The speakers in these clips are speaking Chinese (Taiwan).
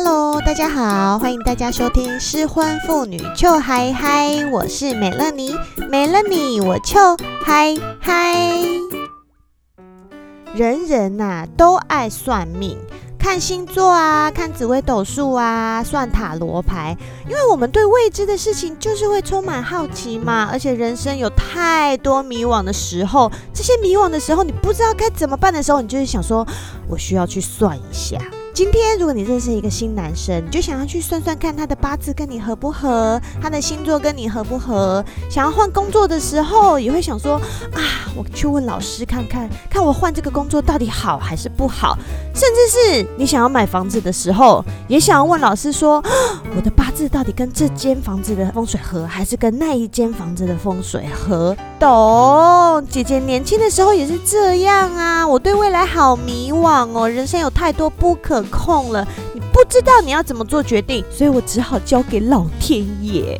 Hello，大家好，歡迎大家收聽失婚婦女 Chill High High，Hi, Hi，我是美樂妮，美樂妮我 Chill High High。人人啊都愛算命，看星座啊，看紫微斗數啊，算塔羅牌，因為我們對未知的事情就是會充滿好奇嘛，而且人生有太多迷惘的時候，這些迷惘的時候，你不知道該怎麼辦的時候，你就是想說，我需要去算一下。今天，如果你認識一個新男生，你就想要去算算看他的八字跟你合不合，他的星座跟你合不合。想要換工作的時候，也會想說啊，我去問老師看看，看我換這個工作到底好還是不好。甚至是你想要買房子的時候，也想要問老師說。我的八字到底跟這間房子的風水合，還是跟那一間房子的風水合？懂？姐姐年輕的時候也是這樣啊，我對未來好迷惘哦，人生有太多不可控了，你不知道你要怎麼做決定，所以我只好交給老天爺。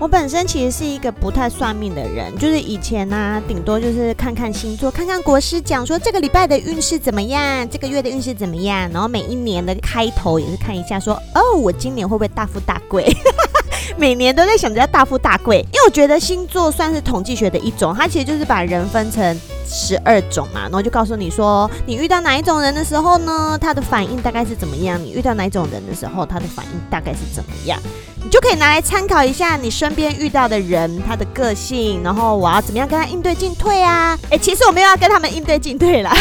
我本身其實是一個不太算命的人，就是以前呢、啊，頂多就是看看星座，看看國師講說這個禮拜的運勢怎麼樣，這個月的運勢怎麼樣，然後每一年的開頭也是看一下說，說哦，我今年會不會大富大貴？ 每年都在想着要大富大貴，因為我覺得星座算是統計學的一種，它其實就是把人分成十二種嘛，然後就告訴你說，你遇到哪一種人的時候呢，他的反應大概是怎麼樣？你遇到哪一種人的時候，他的反應大概是怎麼樣？你就可以拿來參考一下，你身邊遇到的人，他的個性，然後我要怎麼樣跟他應對進退啊？哎，其實我沒有要跟他們應對進退啦。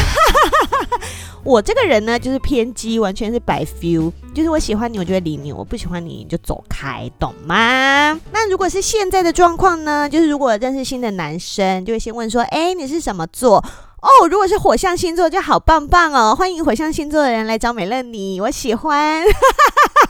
我這個人呢，就是偏激，完全是白 feel，就是我喜歡你，我就會理你；我不喜歡你，你就走開，懂嗎？那如果是現在的狀況呢？就是如果認識新的男生，就會先問說：哎，你是什麼座？哦，如果是火象星座，就好棒棒哦，歡迎火象星座的人來找美樂妮，我喜歡。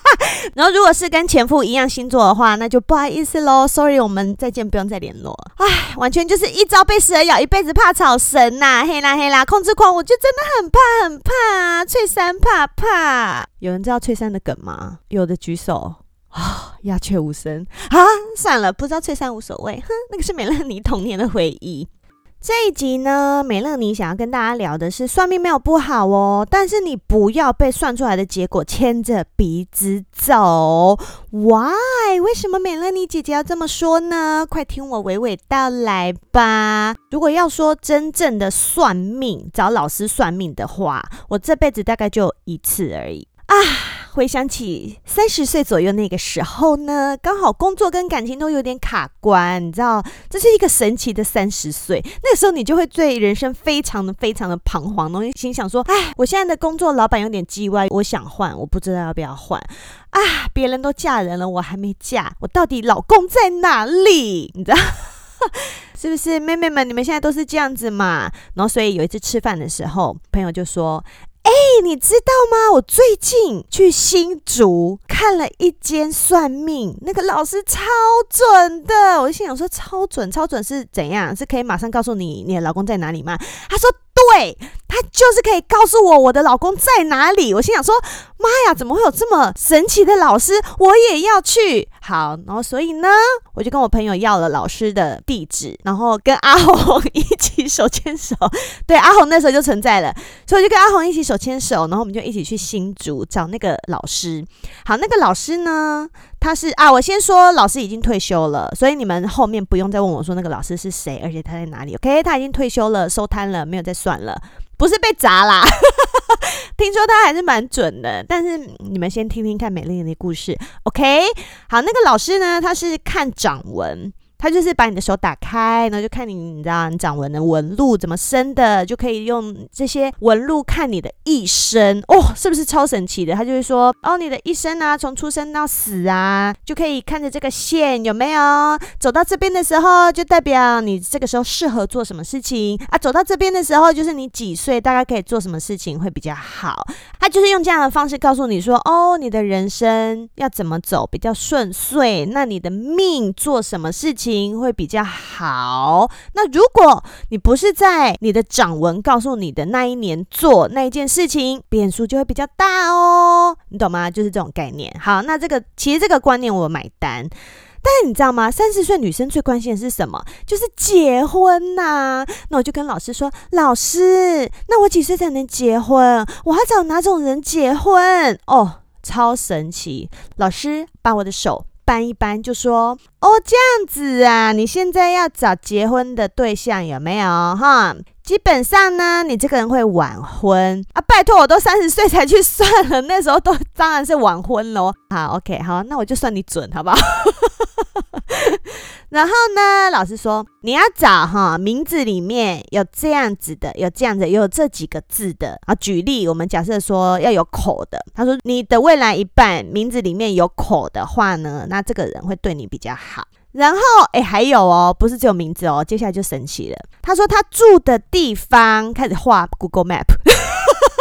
然後，如果是跟前夫一樣星座的話，那就不好意思嘍，Sorry，我們再見，不用再聯絡。唉，完全就是一朝被蛇咬，一輩子怕草繩吶、啊！黑、hey、啦黑、hey、啦，控制狂，我就真的很怕很怕啊！翠山怕怕，有人知道翠山的梗嗎？有的舉手啊、哦，鴉雀無聲啊，算了，不知道翠山無所謂，哼，那個是美樂妮童年的回憶。這一集呢，美樂妮想要跟大家聊的是，算命沒有不好哦，但是你不要被算出來的結果牽着鼻子走。Why？為什麼美樂妮姐姐要這麼說呢？快聽我娓娓道來吧。如果要說真正的算命，找老師算命的話，我這輩子大概就一次而已啊。回想起三十歲左右那個時候呢，剛好工作跟感情都有點卡關，你知道，這是一個神奇的三十歲。那個時候你就會對人生非常的非常的彷徨，然後心想說：“哎，我現在的工作老闆有點嘰歪，我想換，我不知道要不要換啊！唉，別人都嫁人了，我還沒嫁，我到底老公在哪裡？你知道 是不是？妹妹們，你們現在都是這樣子嘛？然後所以有一次吃飯的時候，朋友就說。”哎、欸，你知道嗎？我最近去新竹看了一間算命，那個老師超準的。我心想說，超準超準是怎樣？是可以馬上告訴你你的老公在哪裡嗎？他說，對，他就是可以告訴我我的老公在哪裡。我心想說，媽呀，怎麼會有這麼神奇的老師？我也要去。好，然後所以呢，我就跟我朋友要了老師的地址，然後跟阿紅一起手牽手。對，阿紅那時候就存在了，所以我就跟阿紅一起手牽手，然後我們就一起去新竹找那個老師。好，那個老師呢，他是啊，我先說老師已經退休了，所以你們後面不用再問我說那個老師是誰，而且他在哪裡？OK，他已經退休了，收攤了，沒有再算了。不是被砸啦， 聽說他還是蠻準的。但是你們先聽聽看美樂妮的那故事，OK？好，那個老師呢？他是看掌紋。他就是把你的手打開，然後就看你，你知道，你掌紋的紋路怎麼生的，就可以用這些紋路看你的一生，哦，是不是超神奇的？他就會說，哦，你的一生啊，從出生到死啊，就可以看着這個線有沒有，走到這邊的時候，就代表你這個時候適合做什麼事情啊，走到這邊的時候，就是你幾歲大概可以做什麼事情會比較好。他就是用這樣的方式告訴你說，哦，你的人生要怎麼走比較順遂，那你的命做什麼事情。會比較好。那如果你不是在你的掌紋告訴你的那一年做那一件事情，變數就會比較大哦。你懂嗎？就是這種概念。好，那這個其實這個觀念我有買單。但是你知道嗎？三十歲女生最關心的是什麼？就是結婚吶、啊。那我就跟老師說：“老師，那我幾歲才能結婚？我要找哪種人結婚？”哦，超神奇！老師，把我的手。一般，一般就說哦，這樣子啊，你現在要找結婚的對象有沒有哈？基本上呢，你這個人會晚婚啊！拜托，我都三十歲才去算了，那時候都當然是晚婚咯。好，OK，好，那我就算你準，好不好？ 然後呢，老師說你要找哈名字裡面有這樣子的，有這樣子，有這幾個字的啊。舉例，我們假設說要有口的，他說你的未來一半名字裡面有口的話呢，那這個人會對你比較好。然後誒，還有哦，不是只有名字哦，接下來就神奇了。他說他住的地方開始畫 Google Map，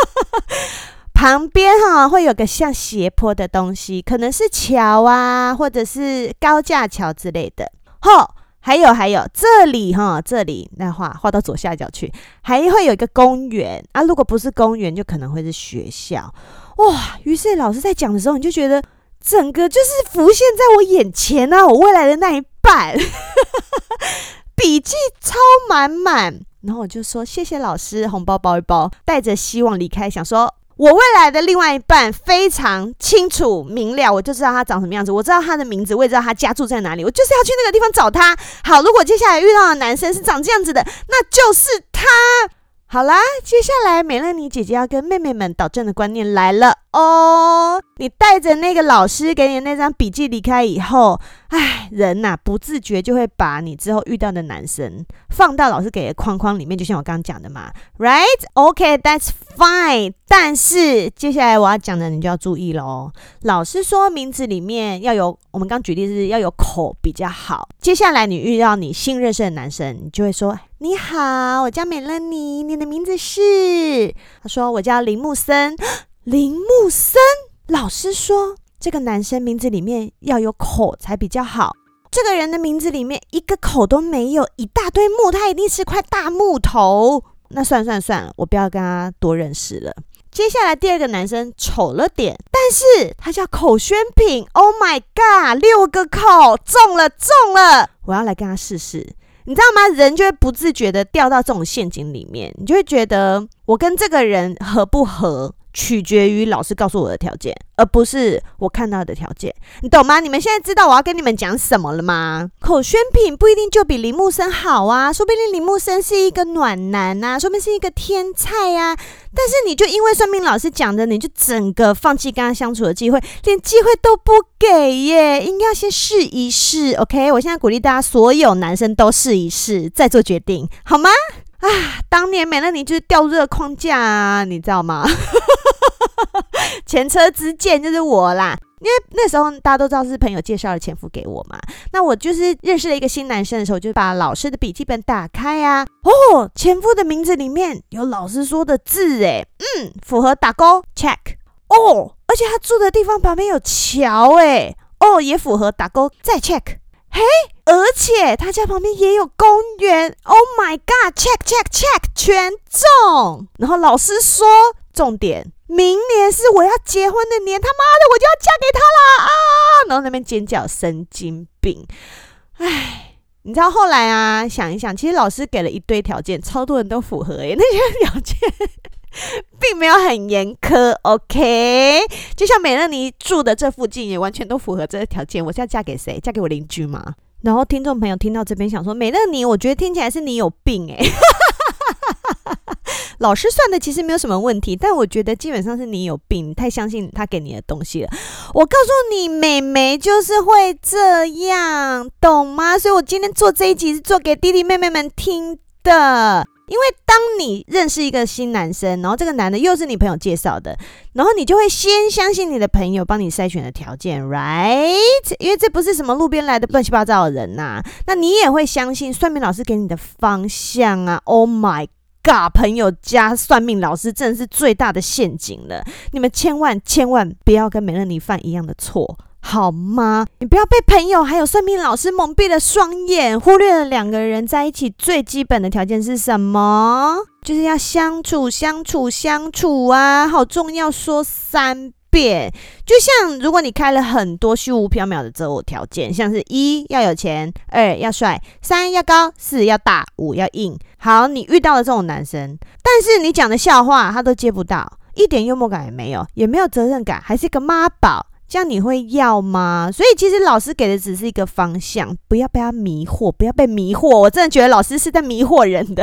旁邊哈、哦、會有個像斜坡的東西，可能是橋啊，或者是高架橋之類的。哦，還有還有，這裡吼，這裡那畫畫到左下角去，還會有一個公園啊。如果不是公園，就可能會是學校哇。於是老師在講的時候，你就覺得整個就是浮現在我眼前啊，我未來的那一半，筆 記超滿滿。然後我就說謝謝老師，紅包包一包，帶着希望離開，想說。我未來的另外一半非常清楚明了，我就知道他長什麼樣子，我知道他的名字，我也知道他家住在哪裡，我就是要去那個地方找他。好，如果接下來遇到的男生是長這樣子的，那就是他。好啦，接下來美樂妮姐姐要跟妹妹們導正的觀念來了哦。Oh, 你帶着那個老師給你的那張筆記離開以後，唉，人吶，啊，不自覺就會把你之後遇到的男生放到老師給的框框裡面，就像我剛剛講的嘛。Right? OK, that's fine. 但是接下來我要講的，你就要注意嘍。老師說名字裡面要有，我們剛舉例是要有口比較好。接下來你遇到你新認識的男生，你就會說：“你好，我叫美樂妮，你的名字是？”他說：“我叫林木森。”林木森，老師說這個男生名字裡面要有口才比較好。這個人的名字裡面一個口都沒有，一大堆木，他一定是塊大木頭。那算算算了算，我不要跟他多認識了。接下來第二個男生醜了點，但是他叫口宣品。Oh my god，六個口，中了，中了，我要來跟他試試，你知道嗎？人就會不自覺的掉到這種陷阱裡面，你就會覺得我跟這個人合不合，取決於老師告訴我的條件，而不是我看到的條件，你懂嗎？你們現在知道我要跟你們講什麼了嗎？口宣品不一定就比林木生好啊，說不定林木生是一個暖男吶、啊，說不定是一個天菜呀、啊。但是你就因為算命老師講的，你就整個放棄跟他相處的機會，連機會都不給耶？應該要先試一試，OK？我現在鼓勵大家，所有男生都試一試，再做決定，好嗎？啊，當年美樂妮就是掉入了框架啊，你知道嗎？ 前車之鑑就是我啦，因為那時候大家都知道是朋友介紹了前夫給我嘛。那我就是認識了一個新男生的時候，就把老師的筆記本打開呀、啊。哦，前夫的名字裡面有老師說的字誒，嗯，符合打勾 check。哦，而且他住的地方旁邊有橋誒，哦，也符合打勾再 check。嘿。而且他家旁邊也有公園。Oh my god！Check check check，全中。然後老師說重點：明年是我要結婚的年，他媽的我就要嫁給他啦，啊！然後那邊尖叫，神經病。唉，你知道後來啊，想一想，其實老師給了一堆條件，超多人都符合耶、欸。那些條件 並沒有很嚴苛，OK？就像美樂妮住的這附近也完全都符合這條件。我是要嫁給誰？嫁給我鄰居嗎？然後聽眾朋友聽到這邊想說，美樂妮，我覺得聽起來是你有病哈、欸、 老師算的其實沒有什麼問題，但我覺得基本上是你有病，你太相信他給你的東西了。我告訴你，美眉就是會這樣，懂嗎？所以我今天做這一集是做給弟弟妹妹們聽的。因為當你認識一個新男生，然後這個男的又是你朋友介紹的，然後你就會先相信你的朋友幫你篩選的條件，right？因為這不是什麼路邊來的亂七八糟的人吶、啊。那你也會相信算命老師給你的方向啊。Oh my god！朋友加算命老師真的是最大的陷阱了。你們千萬千萬不要跟美樂妮犯一樣的錯。好嗎？你不要被朋友還有算命老師矇蔽了雙眼，忽略了兩個人在一起最基本的條件是什麼？就是要相處、相處、相處啊，好重要，說三遍。就像如果你開了很多虛無縹緲的擇偶條件，像是一要有錢，二要帥，三要高，四要大，五要硬。好，你遇到了這種男生，但是你講的笑話他都接不到，一點幽默感也沒有，也沒有責任感，還是一個媽寶。這樣你會要嗎？所以其實老師給的只是一個方向，不要被他迷惑，不要被迷惑。我真的覺得老師是在迷惑人的。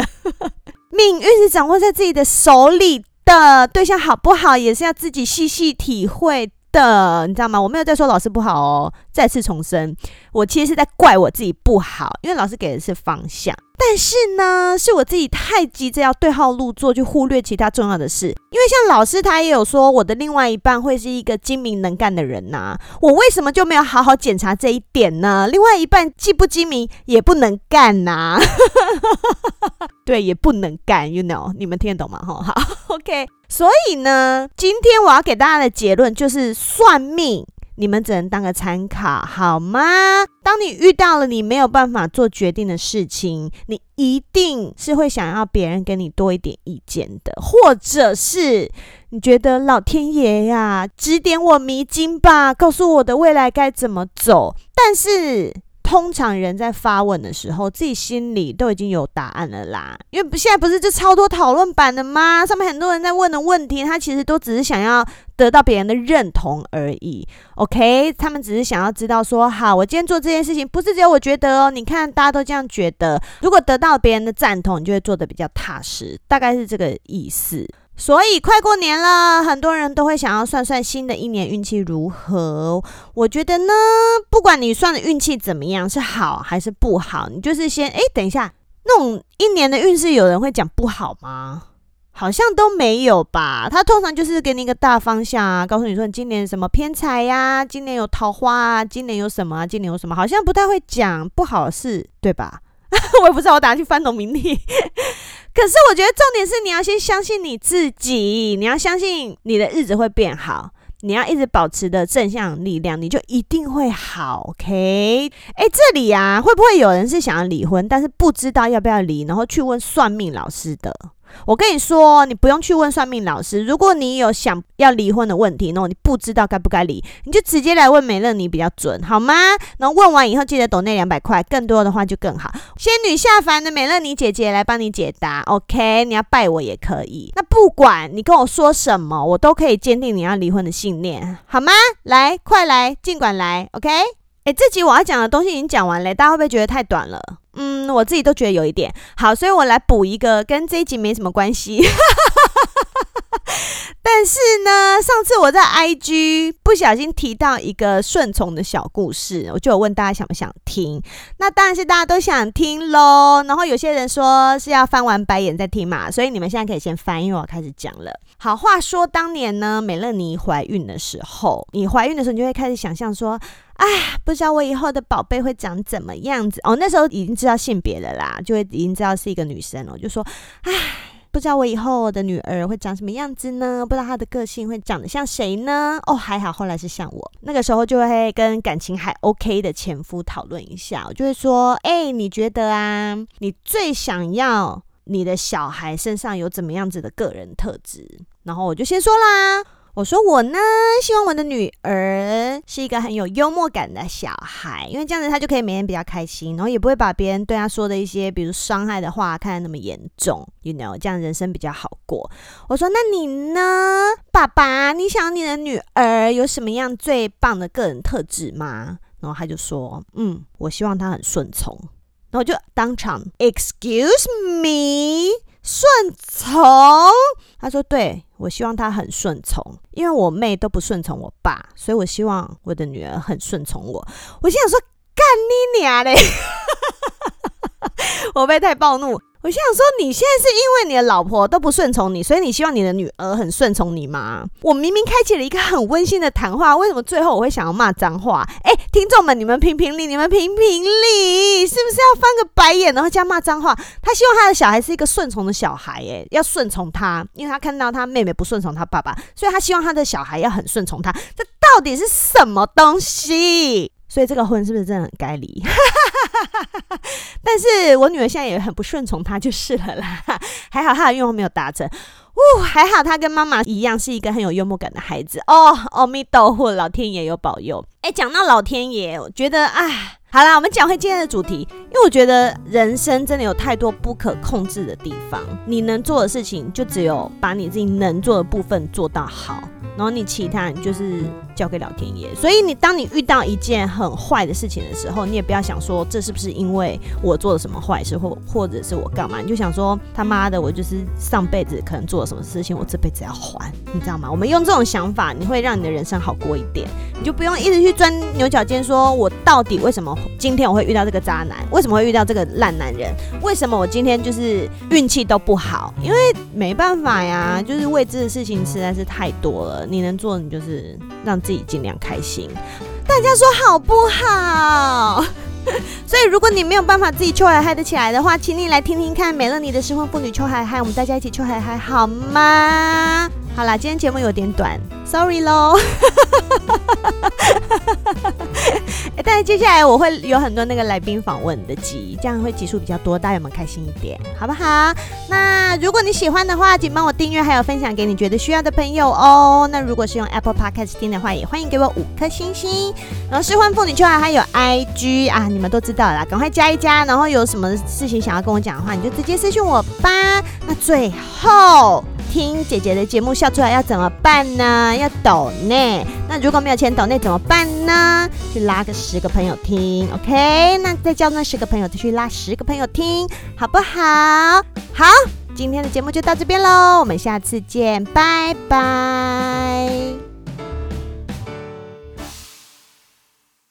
命運是掌握在自己的手裡的，對象好不好也是要自己細細體會的，你知道嗎？我沒有在說老師不好哦。再次重申，我其實是在怪我自己不好，因為老師給的是方向。但是呢，是我自己太急着要對號入座，去忽略其他重要的事。因為像老師他也有說，我的另外一半會是一個精明能幹的人吶、啊。我為什麼就沒有好好檢查這一點呢？另外一半既不精明也不能幹吶、啊。 對，也不能幹，you know，你們聽得懂嗎？哈，好，OK。所以呢，今天我要給大家的結論就是算命。你們只能當個參考，好嗎？當你遇到了你沒有辦法做決定的事情，你一定是會想要別人給你多一點意見的，或者是你覺得老天爺呀、啊，指點我迷津吧，告訴我的未來該怎麼走。但是。通常人在發問的時候，自己心裡都已經有答案了啦。因為不現在不是就超多討論版的嗎？上面很多人在問的問題，他其實都只是想要得到別人的認同而已。OK，他們只是想要知道說，好，我今天做這件事情，不是只有我覺得哦。你看，大家都這樣覺得，如果得到別人的贊同，你就會做得比較踏實。大概是這個意思。所以快過年了，很多人都會想要算算新的一年運氣如何。我覺得呢，不管你算的運氣怎麼樣，是好還是不好，你就是先哎、欸，等一下，那種一年的運勢有人會講不好嗎？好像都沒有吧。他通常就是給你一個大方向啊，告訴你說你今年什麼偏財呀、啊，今年有桃花啊，今年有什麼啊，今年有什麼，好像不太會講不好的事，對吧？ 我也不知道我打算去翻農民曆。可是我覺得重點是你要先相信你自己，你要相信你的日子會變好，你要一直保持著正向力量，你就一定會好。OK？哎、欸，這裡啊，會不會有人是想要離婚，但是不知道要不要離，然後去問算命老師的？我跟你說，你不用去問算命老師。如果你有想要離婚的問題，然後你不知道該不該離，你就直接來問美樂妮比較準，好嗎？然後問完以後記得斗內兩百塊，更多的話就更好。仙女下凡的美樂妮姐姐來幫你解答，OK？你要拜我也可以。那不管你跟我說什麼，我都可以堅定你要離婚的信念，好嗎？來，快來，儘管來，OK？誒、欸，這集我要講的東西已經講完了，大家會不會覺得太短了？嗯，我自己都覺得有一點。好，所以我來補一個，跟這一集沒什麼關係。 但是呢，上次我在 IG 不小心提到一個順從的小故事，我就有問大家想不想聽。那當然是大家都想聽嘍。然後有些人說是要翻完白眼再聽嘛，所以你們現在可以先翻，因為我開始講了。好，話說當年呢，美樂妮懷孕的時候，你懷孕的時候，你就會開始想象說，啊，不知道我以後的寶貝會長怎麼樣子哦。那時候已經知道性別了啦，就會已經知道是一個女生了，就說，啊不知道我以後我的女兒會長什麼樣子呢？不知道她的個性會長得像誰呢？哦，還好，後來是像我。那個時候就會跟感情還 OK 的前夫討論一下，我就會說：“哎，你覺得啊，你最想要你的小孩身上有怎麼樣子的個人特質？”然後我就先說啦。我說我呢，希望我的女兒是一個很有幽默感的小孩，因為這樣子她就可以每天比較開心，然後也不會把別人對她說的一些，比如傷害的話，看得那麼嚴重，you know，這樣人生比較好過。我說那你呢，爸爸，你想你的女兒有什麼樣最棒的個人特質嗎？然後她就說，嗯，我希望她很順從。然後我就當場，excuse me。順從？他說對，我希望他很順從，因為我妹都不順從我爸，所以我希望我的女兒很順從我。我心想說，幹你娘嘞！ 我被太暴怒。我想說，你現在是因為你的老婆都不順從你，所以你希望你的女兒很順從你嗎？我明明開啟了一個很溫馨的談話，為什麼最後我會想要罵髒話？哎、欸，聽眾們，你們評評理，你們評評理，是不是要翻個白眼，然後這樣罵髒話？他希望他的小孩是一個順從的小孩、欸，哎，要順從他，因為他看到他妹妹不順從他爸爸，所以他希望他的小孩要很順從他。這到底是什麼東西？所以這個婚是不是真的很該離？ 但是我女兒現在也很不順從她就是了啦， 還好她的願望沒有達成。嗚，還好她跟媽媽一樣是一個很有幽默感的孩子。哦，阿彌陀佛，老天爺有保佑。哎、欸，講到老天爺，我覺得啊。好啦，我們講回今天的主題，因為我覺得人生真的有太多不可控制的地方，你能做的事情就只有把你自己能做的部分做到好，然後你其他就是交給老天爺。所以你當你遇到一件很壞的事情的時候，你也不要想說這是不是因為我做了什麼壞事，或或者是我幹嘛，你就想說他媽的，我就是上輩子可能做了什麼事情，我這輩子要還，你知道嗎？我們用這種想法，你會讓你的人生好過一點，你就不用一直去鑽牛角尖，說我到底為什麼。今天我會遇到這個渣男，為什麼會遇到這個爛男人？為什麼我今天就是運氣都不好？因為沒辦法呀，就是未知的事情實在是太多了。你能做，你就是讓自己儘量開心。大家說好不好？ 所以如果你沒有辦法自己秋海嗨得起來的話，請你來聽聽看美樂妮的失婚婦女秋海嗨，我們大家一起秋海嗨好嗎？好啦，今天節目有點短，sorry 咯。 欸、但是接下來我會有很多那個來賓訪問的集，這樣會集數比較多，大家有沒有開心一點，好不好？那如果你喜歡的話，請幫我訂閱，還有分享給你覺得需要的朋友哦。那如果是用 Apple Podcast 聽的話，也歡迎給我五顆星星。然後失婚婦女圈、啊、還有 IG 啊，你們都知道啦，趕快加一加。然後有什麼事情想要跟我講的話，你就直接私訊我吧。那最後。聽姐姐的節目笑出來要怎麼辦呢？要抖內。那如果沒有錢抖內怎麼辦呢？去拉個十個朋友聽，OK？那再叫那十個朋友就去拉十個朋友聽，好不好？好，今天的節目就到這邊嘍，我們下次見，拜拜。